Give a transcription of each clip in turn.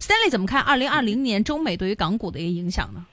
Stanley 怎麼看二零二零年中美對於港股的一個影響呢？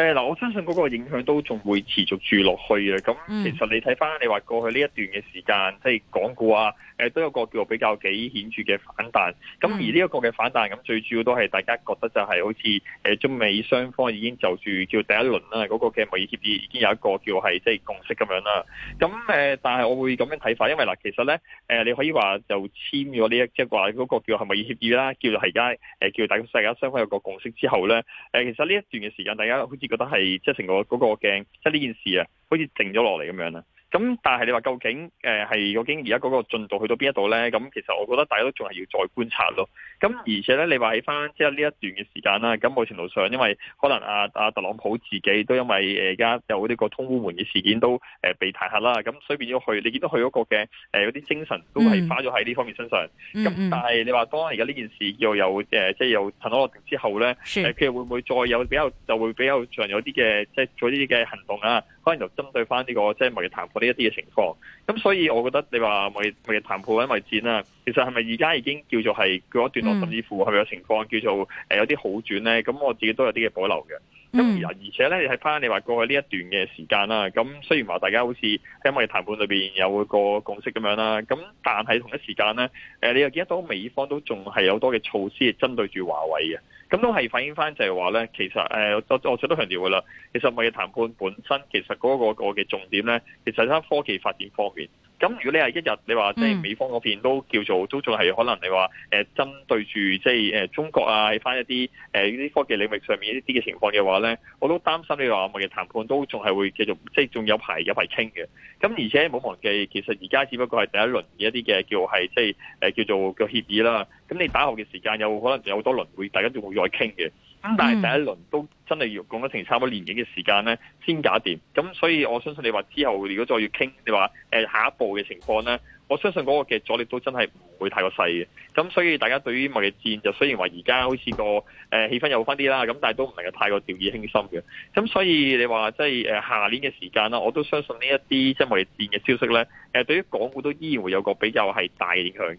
誒、呃、嗱，我相信嗰個影響都仲會持續住落去嘅。咁其實你睇翻你話過去呢一段嘅時間，mm. 即係港股啊，誒、呃、都有一個叫比較幾顯著嘅反彈。咁、mm. 而呢一個嘅反彈，咁最主要都係大家覺得就係好似誒中美雙方已經就住叫第一輪啦嗰個嘅貿易協議已經有一個叫係即係共識咁樣啦。咁誒，但係我會咁樣睇法，因為嗱，其實咧誒、呃，你可以話就簽咗呢一即係話嗰個叫係貿易協議啦，叫做係而家誒叫大家雙方有個共識之後咧，誒、呃、其實呢一段嘅時間，大家好似覺得係即係成個嗰個驚，即係呢件事啊，好似靜咗落嚟咁樣啦。咁但係你話究竟誒係、呃、究竟而家嗰個進度去到邊一度咧？咁其實我覺得大家都仲係要再觀察咯。咁而且咧，你話喺翻即係呢一段嘅時間啦。咁某程度上，因為可能阿、啊、阿、啊、特朗普自己都因為誒而家有呢個通烏門嘅事件都誒、呃、被彈劾啦。咁所以變咗去，你見到佢嗰個嘅誒啲精神都係花咗喺呢方面身上。咁、嗯嗯嗯、但係你話當而家呢件事又有，誒即係又塵埃落定之後咧，佢、呃呃呃呃呃、會唔會再有比較就會比較上有啲嘅即係做啲嘅行動啊？可能就針對翻、這、呢個即係貿易談判呢一啲嘅情況，咁所以我覺得你話貿貿易談判揾位置啦，其實係咪而家已經叫做係嗰一段落，落、嗯，甚至乎係咪有情況叫做誒有啲好轉咧？咁我自己都有啲嘅保留嘅。咁而而且咧，你睇翻你話過去呢一段嘅時間啦，咁雖然話大家好似喺貿易談判裏邊有個共識咁樣啦，咁但係同一時間咧，誒你又見得到美方都仲係有多嘅措施係針對住華為嘅。咁都係反映翻，就係話咧，其實誒，我我最多強調嘅啦，其實貿易談判本身，其實嗰個個嘅重點咧，其實係科技發展方面。咁如果你係一日，你話即係美方嗰邊都叫做都仲係可能你話誒針對住即係中國啊，返翻一啲誒呢啲科技領域上面一啲嘅情況嘅話咧，我都擔心你話我哋嘅談判都仲係會繼續即係仲有排有排傾嘅。咁而且冇忘記，其實而家只不過係第一輪嘅一啲嘅叫係即係叫做嘅協議啦。咁你打後嘅時間有可能就有好多輪會大家仲會再傾嘅。但係第一輪都真係要講咗成差唔多年幾嘅時間咧，先搞掂，咁所以我相信你話之後如果再要傾，你話下一步嘅情況咧，我相信嗰個嘅阻力都真係唔會太過細嘅。咁所以大家對於貿易戰就雖然話而家好似個誒、呃、氣氛有翻啲啦，咁但係都唔能夠太過掉以輕心嘅。咁所以你話即係下年嘅時間啦，我都相信呢一啲即係貿易戰嘅消息咧，誒、呃、對於港股都依然會有個比較係大影響嘅。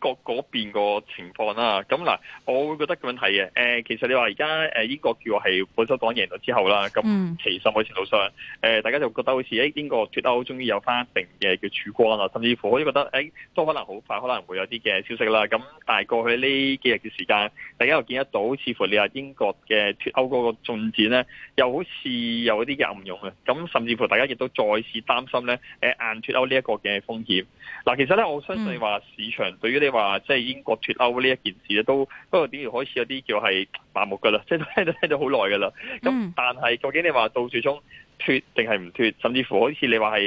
英國嗰邊個情況啦，咁嗱，我會覺得咁樣睇嘅。誒，其實你話而家誒英國叫係保守黨贏咗之後啦，咁、嗯、其實某程度上，誒大家就覺得好似誒英國脱歐終於有翻一定嘅叫曙光啦，甚至乎我都覺得誒、欸、都可能好快可能會有啲嘅消息啦。咁但係過去呢幾日嘅時間，大家又見得到，似乎你話英國嘅脱歐嗰個進展咧，又好似有啲嘅暗湧啊。咁甚至乎大家亦都再次擔心咧誒硬脱歐呢一個嘅風險。嗱，其實咧我相信話市場對於你。話即係英國脫歐呢一件事咧，都不過點而開始有啲叫係麻木噶啦，即係都聽到聽到好耐噶啦。咁、嗯、但係究竟你話到最終脫定係唔脫，甚至乎好似你話係誒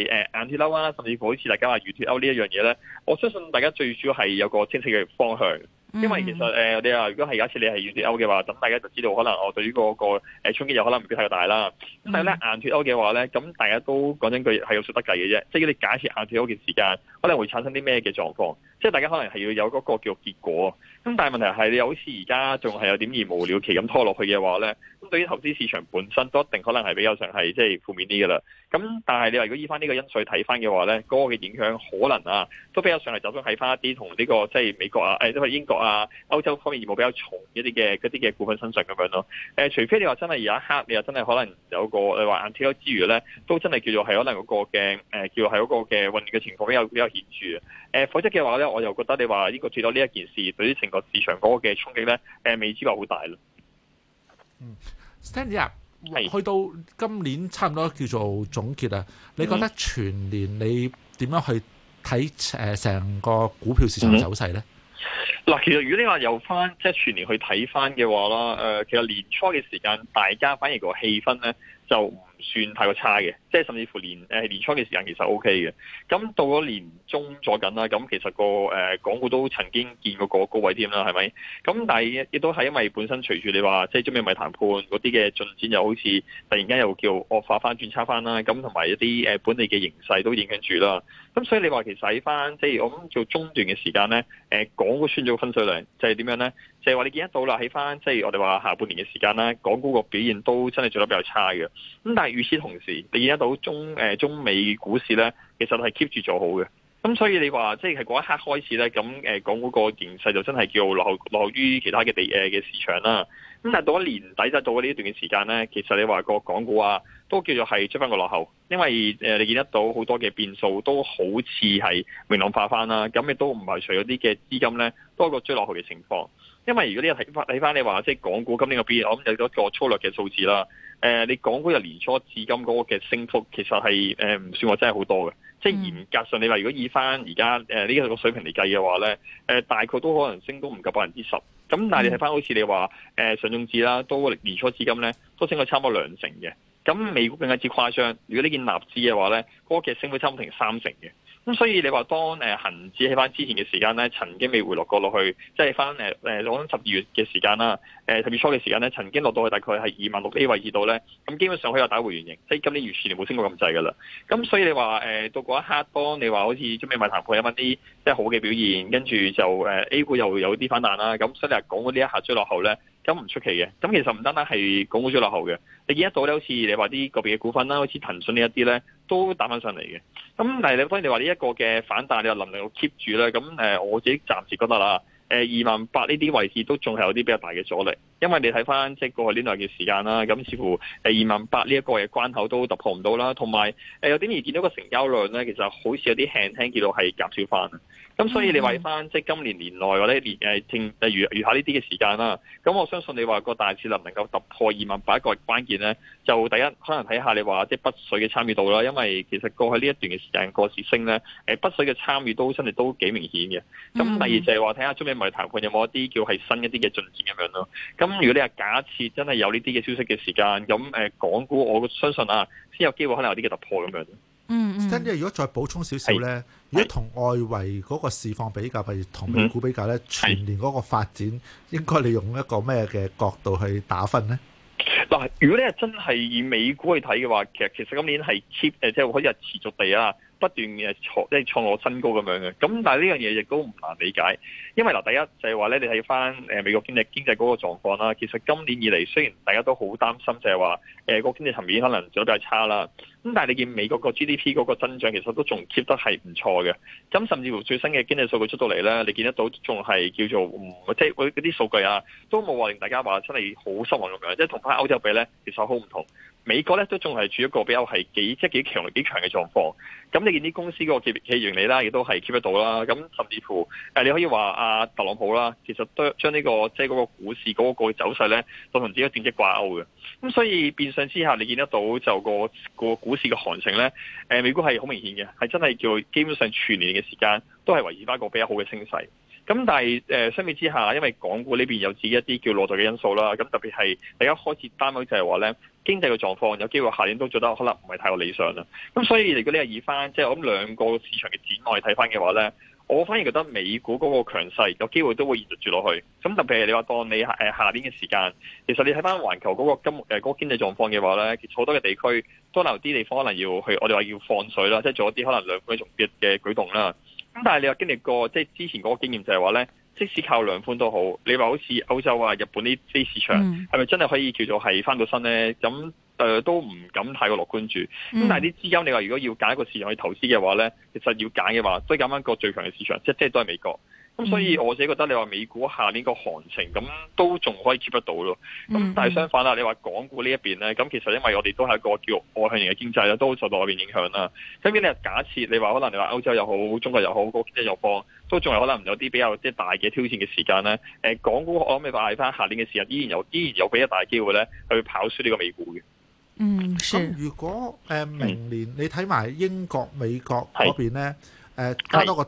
硬脫歐啦，甚至乎好似大家話軟脫歐呢一樣嘢咧，我相信大家最主要係有個清晰嘅方向。因為其實誒，我哋話如果係假設你係軟脫歐嘅話，咁大家就知道可能我對於嗰個誒衝擊有可能唔必太大啦。咁但係咧硬脫歐嘅話咧，咁大家都講真句係有數得計嘅啫。即係如你假設硬脫歐嘅時間，可能會產生啲咩嘅狀況？即係大家可能係要有嗰個叫做結果，咁但係問題係你好似而家仲係有點二無了期咁拖落去嘅話咧，咁對於投資市場本身都一定可能係比較上係即係負面啲嘅啦。咁但係你話如果依翻呢個因素睇翻嘅話咧，嗰、嗰個嘅影響可能啊都比較上係走咗喺翻一啲同呢個、呢個、即係美國啊、誒即係英國啊、歐洲方面業務比較重一啲嘅嗰啲嘅股份身上咁樣咯。誒，除非你話真係而一刻你又真係可能有個你話 until 之餘咧，都真係叫做係可能嗰、嗰個嘅叫做係嗰個嘅混亂嘅情況比較比較顯著。誒，否則嘅話咧，我又覺得你話呢個最多呢一件事對於成個市場嗰個嘅衝擊咧，誒，未知話好大咯。嗯，Sandy，去到今年差唔多叫做總結啊，你覺得全年你點樣去睇誒成個股票市場走勢咧？嗱，其實如果你話由翻即係、就是、全年去睇翻嘅話啦、呃，其實年初嘅時間，大家反而個氣氛咧就唔算太過差嘅，即係甚至乎年、呃、年初嘅時間其實 OK 嘅。咁到咗年中咗緊啦，咁其實、那個誒港股都曾經見過個高位添啦，係咪？咁但係亦都係因為本身隨住你話即係中美貿易談判嗰啲嘅進展，又好似突然間又叫惡化翻、轉差翻啦。咁同埋一啲誒本地嘅形勢都影響住啦。咁所以你話其實喺翻即係我諗做中段嘅時間咧，港、呃、股算咗。個分水嶺就係點樣咧？就係話你見得到啦，喺翻即係我哋話下半年嘅時間咧，港股個表現都真係做得比較差嘅。咁但係與此同時，你見得到中誒中美股市咧，其實係 keep 住做好嘅。咁所以你話即係嗰一刻開始咧，咁港股嗰個形勢就真係叫落後落後於其他嘅地嘅、呃、市場啦。咁但係到咗年底就到呢一段時間咧，其實你話個港股啊，都叫做係追翻個落後，因為、呃、你見得到好多嘅變數都好似係明朗化翻啦。咁亦都唔係除咗啲嘅資金咧多過追落後嘅情況，因為如果你睇翻睇翻你話即係港股今年個表現，我諗有咗個粗略嘅數字啦。誒、呃，你港股由年初至今嗰個嘅升幅其實係誒唔算話真係好多嘅。即係嚴格上，你話如果以翻而家誒呢個水平嚟計嘅話咧，誒大概都可能升高唔夠百分之十。咁但係你睇翻好似你話誒上證指啦，都年初至今咧都升咗差唔多兩成嘅。咁美股更加之誇張，如果呢件納指嘅話咧，嗰隻升咗差唔多成三成嘅。咁所以你話當誒恆指喺翻之前嘅時間咧，曾經未回落過落去，即係翻誒誒講十二月嘅時間啦，誒、呃、十二月初嘅時間咧，曾經落到去大概係二萬六呢位置度咧，咁基本上佢又打回原形，即係今年完全冇升過咁滯噶啦。咁所以你話誒、呃、到嗰一刻，當你話好似中美買談判有啲即係好嘅表現，跟住就誒、呃、A 股又有啲反彈啦，咁今日講到呢一刻追落後咧。咁唔出奇嘅，咁其實唔單單係港股最落後嘅，你見得到咧，好似你話啲個別嘅股份啦，好似騰訊呢一啲咧，都打翻上嚟嘅。咁但係你當然你話呢一個嘅反彈你又能唔能夠 keep 住咧，咁我自己暫時覺得啦，二萬八呢啲位置都仲係有啲比較大嘅阻力，因為你睇翻即係過去呢段嘅時間啦，咁似乎二萬八呢一個嘅關口都突破唔到啦，同埋有，有點而見到個成交量咧，其實好似有啲輕輕見到係減少翻。咁所以你話翻即今年年內或者年誒正如餘下呢啲嘅時間啦，咁我相信你話個大市能唔能夠突破二萬八個關鍵咧，就第一可能睇下你話即係北水嘅參與度啦，因為其實過去呢一段嘅時間過時升咧，誒北水嘅參與都真係都幾明顯嘅。咁第二就係話睇下中美貿易談判有冇一啲叫係新一啲嘅進展咁樣咯。咁如果你係假設真係有呢啲嘅消息嘅時間，咁誒港股我相信啊先有機會可能有啲嘅突破咁樣。嗯，跟住如果再補充少少咧，如果同外圍嗰個市況比較，譬如同美股比較咧，mm -hmm.，全年嗰個發展應該你用一個咩嘅角度去打分咧？嗱，如果你係真係以美股去睇嘅話，其實其實今年係 keep 誒，即係可以係持續地啊，不斷嘅創即係創個新高咁樣嘅。咁但係呢樣嘢亦都唔難理解。因為嗱，第一就係話咧，你睇翻誒美國經濟經濟嗰個狀況啦。其實今年以嚟，雖然大家都好擔心，就係話誒個經濟層面可能做得比較差啦。咁但係你見美國個 GDP 嗰個增長，其實都仲 keep 得係唔錯嘅。咁甚至乎最新嘅經濟數據出到嚟咧，你見得到仲係叫做即係嗰啲數據啊，都冇話令大家話真係好失望咁樣。即係同翻歐洲比咧，其實好唔同。美國咧都仲係處一個比較係幾即係幾強幾強嘅狀況。咁你見啲公司個企企業盈利啦，亦都係 keep 得到啦。咁甚至乎誒，你可以話。啊，特朗普啦，其實都將呢、這個即係嗰個股市嗰個走勢咧，都同自己嘅政績掛鈎嘅。咁所以變相之下，你見得到就個個股市嘅行情咧，誒，美股係好明顯嘅，係真係叫基本上全年嘅時間都係維持翻一個比較好嘅升勢。咁但係誒相比之下，因為港股呢邊有自己一啲叫內在嘅因素啦，咁特別係大家開始擔憂就係話咧經濟嘅狀況有機會下年都做得可能唔係太過理想啦。咁所以如果呢係以翻即係我諗兩個市場嘅展外睇翻嘅話咧。我反而覺得美股嗰個強勢有機會都會延續住落去。咁特別係你話當你下年嘅時間，其實你睇翻環球嗰個金誒嗰個經濟狀況嘅話咧，好多嘅地區多留啲地方可能要去我哋話要放水啦，即係做一啲可能量寬重別嘅舉動啦。咁但係你話經歷過即係之前嗰個經驗就係話咧，即使靠量寬都好，你話好似歐洲啊、日本呢啲市場係咪真係可以叫做係翻到身咧？咁。呃、都唔敢太過樂觀住，咁但係啲資金你話如果要揀一個市場去投資嘅話咧，其實要揀嘅話，都揀翻個最強嘅市場，即係即係都係美國。咁所以我自己覺得你話美股下年個行情咁都仲可以 keep 得到咯。咁但係相反啦，你話港股呢一邊咧，咁其實因為我哋都係一個叫外向型嘅經濟啦，都受到外邊影響啦。咁呢你係假設你話可能你話歐洲又好，中國又好，那個經濟弱都仲有可能有啲比較即係大嘅挑戰嘅時間咧、呃。港股我諗你話嗌翻下年嘅時候，依然有依然有俾一大機會咧去跑輸呢個美股嘅。嗯，咁、嗯、如果誒明年你睇埋英國、美國嗰邊咧，誒加多個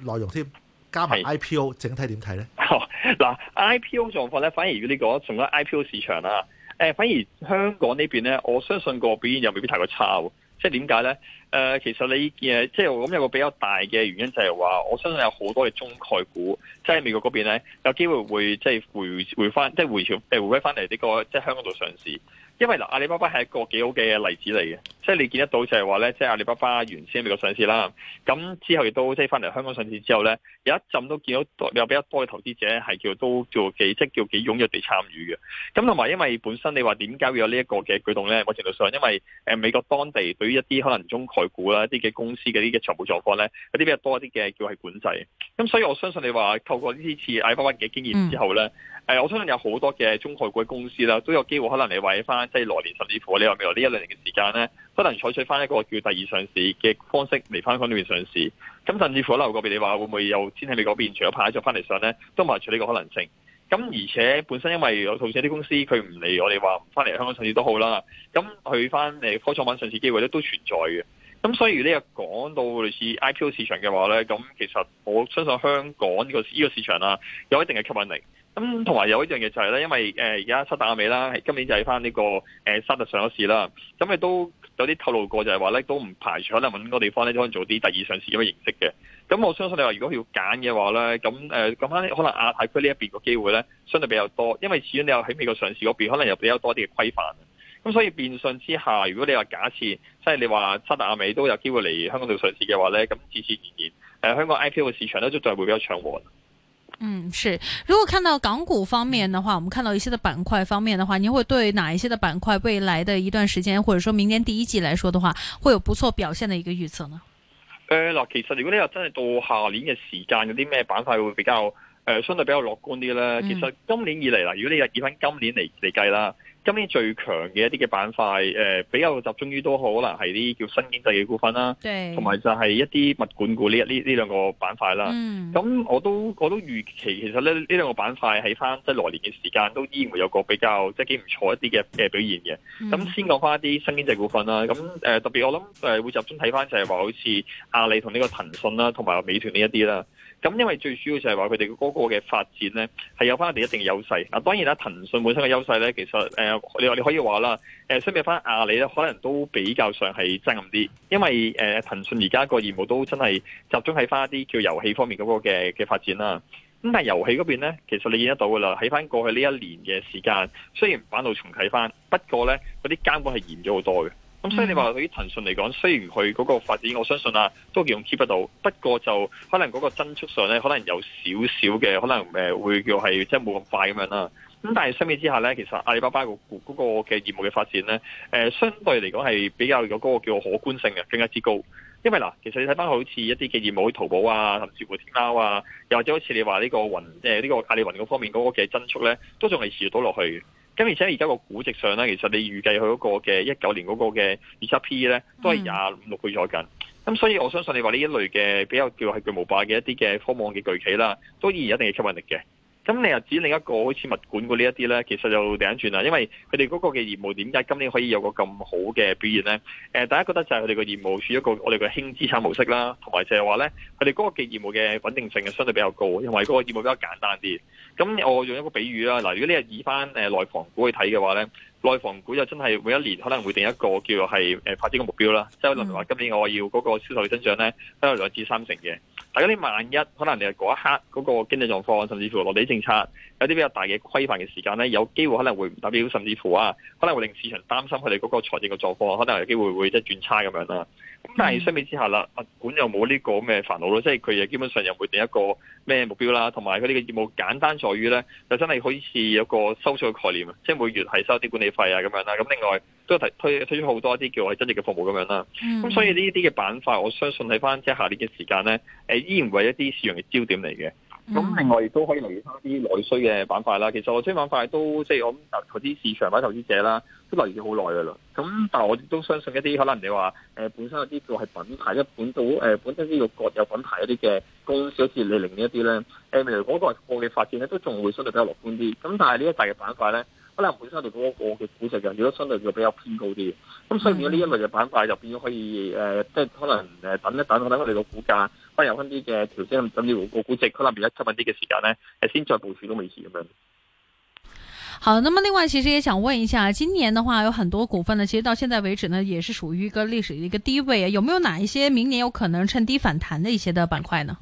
內容添，加埋 IPO 整體點睇咧？嗱、哦、IPO 狀況咧，反而要呢個，仲有 IPO 市場啦。誒反而香港這邊呢邊咧，我相信個表現又未必太過差喎。即係點解咧？誒，其實你誒，即係我諗有個比較大嘅原因就係話，我相信有好多嘅中概股，即係美國嗰邊咧，有機會會即係回回翻，即係回潮回歸翻嚟呢個即係香港度上市。因為嗱，阿里巴巴係一個幾好嘅例子嚟嘅，即係你見得到就係話咧，即係阿里巴巴原先美國上市啦，咁之後亦都即係翻嚟香港上市之後咧，有一陣都見到有比較多嘅投資者係叫都叫做幾即係叫幾踴躍地參與嘅。咁同埋因為本身你話點解要有呢一個嘅舉動咧？某程度上因為誒美國當地對於一啲可能中外股啦，啲嘅公司嘅啲嘅財務狀況咧，有啲比較多一啲嘅叫係管制。咁所以我相信你話透過呢啲次阿 One 嘅經驗之後咧，誒，我相信有好多嘅中概股嘅公司啦，都有機會可能你位翻，即係來年甚至乎你話未來呢一兩年嘅時間咧，可能採取翻一個叫第二上市嘅方式嚟翻香港裏面上市。咁甚至乎可留過邊你話會唔會又先喺你嗰邊，除咗派咗再翻嚟上咧，都唔排除呢個可能性。咁而且本身因為有套上啲公司佢唔嚟，我哋話唔翻嚟香港上市都好啦。咁去翻你科創揾上市機會咧都存在嘅。咁所以呢個講到類似 IPO 市場嘅話咧，咁其實我相信香港呢個呢個市場啦，有一定嘅吸引力。咁同埋有一樣嘢就係咧，因為誒而家沙特阿美啦，今年就喺翻呢個誒沙特上市啦。咁亦都有啲透露過就，就係話咧都唔排除可能搵個地方咧，可以做啲第二上市咁嘅形式嘅。咁我相信你話，如果要揀嘅話咧，咁誒咁可能亞太區呢一邊個機會咧，相對比較多，因為始終你又喺美國上市嗰邊，可能又比較多啲嘅規範。咁、嗯、所以變相之下，如果你話假設即係你話沙特阿美都有機會嚟香港做上市嘅話咧，咁自然而、呃、香港 IPO 嘅市場咧，都再會比較暢和。嗯，是。如果看到港股方面嘅話，我們看到一些的板塊方面嘅話，您會對哪一些的板塊未來的一段時間或者說明年第一季來說的話，會有不錯表現嘅一個預測呢？嗱、嗯呃，其實如果你話真係到下年嘅時間，有啲咩板塊會比較誒、呃、相對比較樂觀啲咧、嗯？其實今年以嚟啦，如果你係結翻今年嚟嚟計啦。今年最強嘅一啲嘅板塊，誒、呃、比較集中於都好可能係啲叫新經濟嘅股份啦，同埋就係一啲物管股呢呢呢兩個板塊啦。咁、嗯、我都我都預期其實咧呢呢兩個板塊喺翻即係來年嘅時間都依然會有個比較即係幾唔錯一啲嘅嘅表現嘅。咁、嗯、先講翻一啲新經濟股份啦。咁誒、呃、特別我諗誒會集中睇翻就係話好似阿里同呢個騰訊啦，同埋美團呢一啲啦。咁因為最主要就係話佢哋嗰個嘅發展咧，係有翻佢哋一定嘅優勢。嗱，當然啦、啊，騰訊本身嘅優勢咧，其實誒，你、呃、你可以話啦，誒、呃，相比翻阿里咧，可能都比較上係爭暗啲，因為誒、呃、騰訊而家個業務都真係集中喺翻一啲叫遊戲方面嗰個嘅嘅發展啦。咁但係遊戲嗰邊咧，其實你見得到噶啦，喺翻過去呢一年嘅時間，雖然版號重啟翻，不過咧嗰啲監管係嚴咗好多嘅。咁、嗯、所以你話對於騰訊嚟講，雖然佢嗰個發展，我相信啊，都仲 keep 得到。不過就可能嗰個增速上咧，可能有少少嘅，可能誒會叫係即係冇咁快咁樣啦。咁但係相比之下咧，其實阿里巴巴個嗰個嘅業務嘅發展咧，誒相對嚟講係比較有嗰個叫可觀性嘅，更加之高。因為嗱，其實你睇翻好似一啲嘅業務，喺淘寶啊，甚至乎天貓啊，又或者好似你話呢個雲，呢、呢個阿里雲嗰方面嗰個嘅增速咧，都仲係持續到落去。咁而且而家個估值上咧，其實你預計佢嗰個嘅一九年嗰個嘅二七 P 咧，都係廿五六倍左右。咁所以我相信你話呢一類嘅比較叫係巨無霸嘅一啲嘅科網嘅巨企啦，都依然有一定係吸引力嘅。咁你又指另一個好似物管股呢一啲咧，其實就頂轉啦。因為佢哋嗰個嘅業務點解今年可以有個咁好嘅表現咧？呃，大家覺得就係佢哋嘅業務處一個我哋嘅輕資產模式啦，同埋就係話咧，佢哋嗰個嘅業務嘅穩定性係相對比較高，因為嗰個業務比較簡單啲。咁我用一個比喻啦，嗱、呃，如果你係以翻內房股去睇嘅話咧。內房股就真係每一年可能會定一個叫做係誒發展嘅目標啦、嗯，即係例如話今年我要嗰個銷售嘅增長咧，都有兩至三成嘅。大家呢萬一可能你係嗰一刻嗰個經濟狀況，甚至乎落地政策有啲比較大嘅規範嘅時間咧，有機會可能會唔達標，甚至乎啊，可能會令市場擔心佢哋嗰個財政嘅狀況，可能有機會會即係轉差咁樣啦。咁、嗯、但係相比之下啦，物管又冇呢個咩煩惱咯，即係佢又基本上又冇定一個咩目標啦，同埋佢呢個業務簡單在於咧，就真係好似有個收數嘅概念，即、就、係、是、每月係收啲管理費啊咁樣啦。咁另外都推推出好多啲叫係真正嘅服務咁樣啦。咁、嗯、所以呢啲嘅板塊，我相信喺翻即係下年嘅時間咧，依然係一啲市場嘅焦點嚟嘅。咁另外亦都可以留意翻啲內需嘅板塊啦。其實內需板塊都即係我諗嗰啲市場或者投資者啦，都留意好耐㗎啦。咁但我亦都相信一啲可能你話、呃、本身有啲叫係品牌，一本土、呃、本身呢個國有品牌一啲嘅高小少利潤呢一啲咧，誒未來嗰個係我嘅發展咧都仲會相對比較樂觀啲。咁但係呢一大嘅板塊咧。可能 本身嚟講個嘅估值嘅，如果相對就比較偏高啲，咁所以變咗呢一類嘅板塊就變咗可以，誒、嗯，即、呃、係可能誒等一等，等我哋個股價，或者有翻啲嘅調整，甚至乎個估值可能變一七百啲嘅時間呢，係先再部署都未遲咁樣。好，那麼另外其實也想問一下，今年的話有很多股份呢，其實到現在為止呢，也是屬於一個歷史的一個低位，有沒有哪一些明年有可能趁低反彈的一些的板塊呢？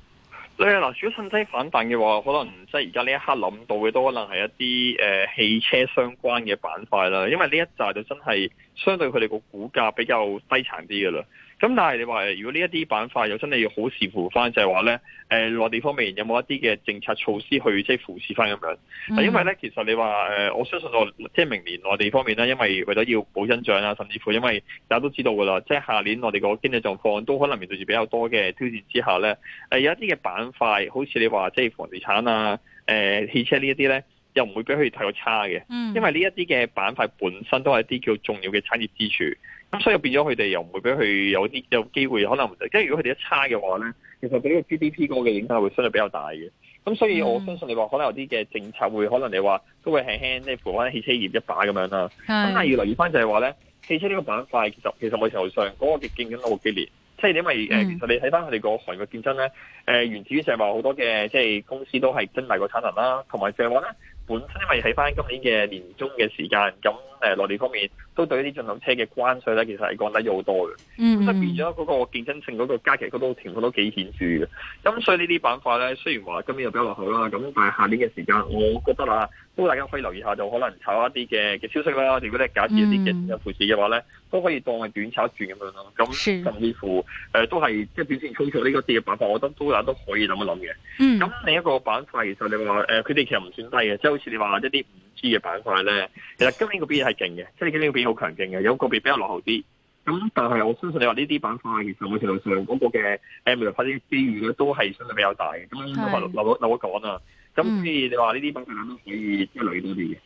你嗱，如果信息反彈嘅話，可能即係而家呢一刻諗到嘅都可能係一啲誒、呃、汽車相關嘅板塊啦，因為呢一扎就真係相對佢哋個股價比較低殘啲嘅啦。咁但係你話，如果呢一啲板塊有真係要好視乎翻，就係話咧，誒內地方面有冇一啲嘅政策措施去即係扶持翻咁樣？嗱、mm.，因為咧，其實你話誒、呃，我相信我即係明年內地方面咧，因為為咗要保增長啦，甚至乎因為大家都知道噶啦，即係下年我哋個經濟狀況都可能面對住比較多嘅挑戰之下咧，誒、呃，有一啲嘅板塊，好似你話即係房地產啊、誒、呃、汽車呢一啲咧，又唔會俾佢太過差嘅，mm. 因為呢一啲嘅板塊本身都係一啲叫重要嘅產業支柱。咁所以變咗佢哋又唔會俾佢有啲有機會，可能即係如果佢哋一差嘅話咧，其實呢個 GDP 嗰嘅影響會相對比較大嘅。咁所以我相信你話可能有啲嘅政策會可能你話都會輕輕即係扶翻汽車業一把咁樣啦。咁但係要留意翻就係話咧，汽車呢個板塊其實其實我頭上嗰個競爭都好激烈，即係因為，嗯，其實你睇翻佢哋個行業嘅競爭咧，誒源自於就係話好多嘅即係公司都係真大個產能啦，同埋即係話咧。本身因為喺翻今年嘅年中嘅時間，咁誒內地方面都對呢啲進口車嘅關稅咧，其實係降低咗好多嘅。咁所以，mm-hmm，變咗嗰個競爭性嗰個加劇嗰度情況都幾顯著嘅。咁所以這些版法呢啲板塊咧，雖然話今年又比較落後啦，咁但係下年嘅時間，我覺得啦，都大家可以留意一下，就可能炒一啲嘅嘅消息啦。如果咧假設一啲嘅嘅配置嘅話咧。Mm-hmm. 都可以當係短炒轉咁樣咯，咁甚至乎誒、呃、都係即係短線操作呢個事嘅板塊，我覺得都有都可以諗一諗嘅。咁、嗯、另一個板塊時候，呃、其實你話誒，佢哋其實唔算低嘅，即係好似你話一啲五 G 嘅板塊咧，其實今年個表現係勁嘅，即係今年個表現好強勁嘅，有個別比較落後啲。咁但係我相信你話呢啲板塊其實，其實個程度上嗰個嘅誒、呃、未來發啲機遇咧，都係相對比較大嘅。咁留留落，留我講啊。咁、嗯、所以你話呢啲板塊都可以即係攞多啲嘅。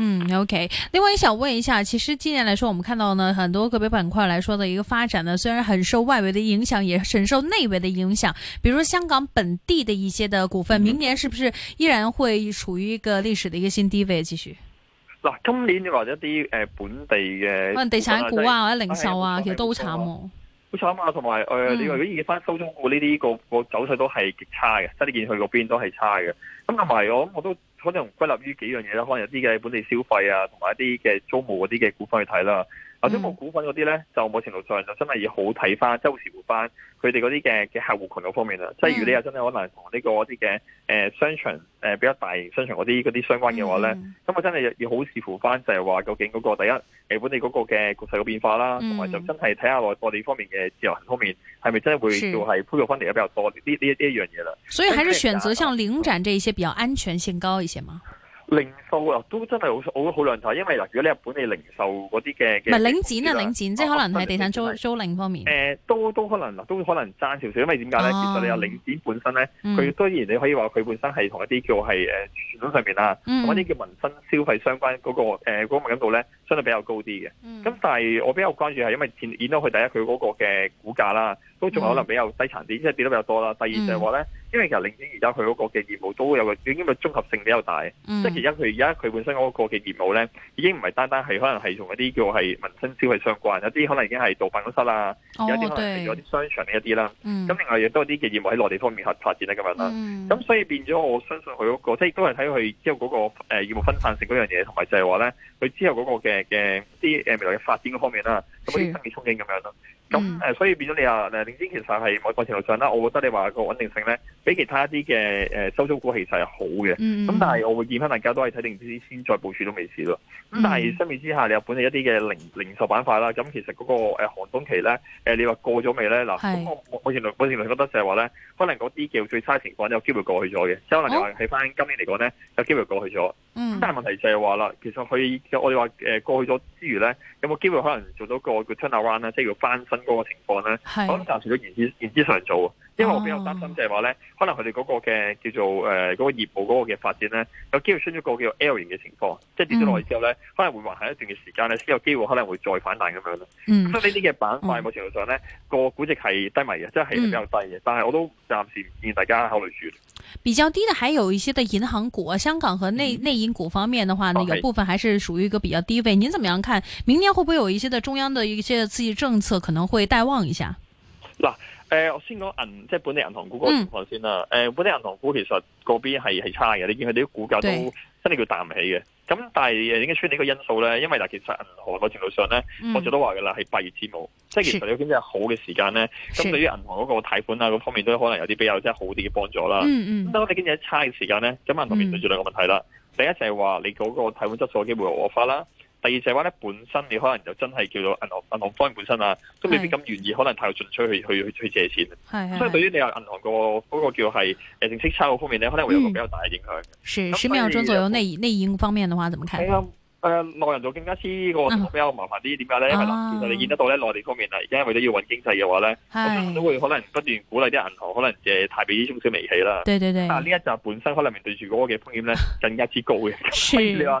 嗯，OK。另外一想問一下，其實今年來說，我們看到呢，很多個別板塊來說的一個發展呢，雖然很受外圍的影響，也很受內圍的影響。比如香港本地的一些的股份，嗯、明年是不是依然會處於一個歷史的一個新低位？繼續嗱、啊，今年你話一啲誒、呃、本地嘅、啊，可能地產股啊或者、就是啊、零售啊，其、哎、實都好慘，好慘啊！同埋誒，你話如果而家翻收租股呢啲個個走勢都係極差嘅、嗯，真係見佢嗰邊都係差嘅。咁同埋我諗我都可能歸納於幾樣嘢啦，可能有啲嘅本地消費啊，同埋一啲嘅租務嗰啲嘅股份去睇啦。或者冇股份嗰啲咧，就某程度上就真係要好睇翻，周視乎翻佢哋嗰啲嘅嘅客戶群嗰方面啦。即係如果你又真係可能同呢、這個一啲嘅誒商場誒、呃、比較大型商場嗰啲嗰啲相關嘅話咧，咁、嗯、我真係要好視乎翻，就係話究竟嗰、那個第一誒本地嗰個嘅局勢嘅變化啦，同、嗯、埋就真係睇下內地方面嘅自由行方面係咪真係會做係推動翻嚟嘅比較多呢呢一啲樣嘢啦。所以還是選擇像領展這一些。比較安全性高一些嘛？零售啊，都真係好，我好兩睇，因為嗱，如果你本地零售嗰啲嘅，唔係領展啊，領展、領展、啊、即係可能係地產租租賃方面。誒、啊是呃，都都可能，都可能賺少少，因為點解咧？哦、其實你有領展本身咧，佢、嗯、雖然你可以話佢本身係同一啲叫係誒，傳統上面啦，同啲叫民生消費相關嗰、嗰個誒，呃嗰個敏感度咧，相對比較高啲嘅。咁、嗯嗯、但係我比較關注係因為展見到佢第一佢嗰個嘅股價啦。都仲可能比較低層啲、嗯，即係跌得比較多啦。第二就係話咧，因為其實領展而家佢嗰個嘅業務都有個已經嘅綜合性比較大，嗯、即係其實佢而家佢本身嗰個嘅業務咧，已經唔係單單係可能係同一啲叫係民生消費相關，有啲可能已經係做辦公室啊，有啲可能係做啲商場呢一啲啦。咁、哦、另外又多啲嘅業務喺內地方面去發展得咁樣啦。咁、嗯、所以變咗我相信佢嗰、嗰個即係都係睇佢之後嗰個誒業務分散性嗰樣嘢，同埋就係話咧佢之後嗰個嘅嘅啲誒未來嘅發展嗰方面啦，咁啲生意憧憬咁樣咯。咁誒所以變咗你話、嗯定資其實係我個程度上啦，我覺得你話個穩定性咧，比其他一啲嘅誒收租股其實係好嘅。咁、嗯、但係我會見翻大家都係睇定先再部署都未遲咯。咁但係相比之下，你有本地一啲嘅零零售板塊啦，咁其實嗰個寒冬期咧，誒你話過咗未咧？嗱，我我原來我原來覺得就係話咧，可能嗰啲叫最差情況有機會過去咗嘅，即可能又話喺翻今年嚟講咧，有機會過去咗。咁、哦、但係問題就係話啦，其實佢，我哋話誒過去咗之餘咧，有冇機會可能做到個個 turnaround 即係要翻身嗰個情況咧？咁就。除咗言之，言之尚早，因為我比較擔心就係話咧，oh, oh, oh. 可能佢哋嗰個嘅叫做誒嗰、呃嗰個業務嗰個嘅發展咧，有機會出現一個叫 L 型嘅情況，即係跌咗落嚟之後咧，可能會橫行一段嘅時間咧，先有機會可能會再反彈咁樣咯。咁、嗯、所以呢啲嘅板塊，某、嗯、程度上咧，個估值係低迷嘅，即係比較低嘅、嗯，但係我都暫時唔建議大家考慮住。比較低嘅，還有一些嘅銀行股啊，香港和內內銀股方面嘅話呢，呢、啊、個部分還是屬於一個比較低位。您怎麼樣看？明年會不會有一些嘅中央嘅一些刺激政策可能會帶旺一下？嗱、呃，我先講銀，即係本地銀行股嗰個情況先啦。誒、嗯呃，本地銀行股其實嗰邊係差嘅，你見佢哋啲股價都真係叫彈唔起嘅。咁但係點解出現呢個因素咧？因為嗱，其實銀行嗰程度上咧、嗯，我早都話嘅啦，係八月之末，即係其實你見到係好嘅時間咧，咁對於銀行嗰個貸款啊嗰方面都可能有啲比較即係好啲嘅幫助啦。咁、嗯嗯、但係我哋見到一差嘅時間咧，咁銀行面對住兩個問題啦、嗯。第一就係話你嗰個貸款質素機機會惡化啦。第二隻話咧，本身你可能就真係叫做銀行銀行方面本身啊，都未必咁願意，可能太有進取去去去借錢。係。所以對於你話銀行個嗰個叫係誒淨息差嗰方面咧，可能會有個比較大嘅影響。嗯、是十秒鐘左右內內因方面嘅話，點睇？係啊。誒、呃，人就更加之個比較麻煩啲，點解咧？因為、啊，其實你見得到咧，內地方面啊，而家為咗要揾經濟嘅話咧，咁都會可能不斷鼓勵啲銀行，可能誒太俾啲中小微企啦。對對對。啊！呢一就本身可能面對住嗰個嘅風險咧，更加之高嘅。 是。你話？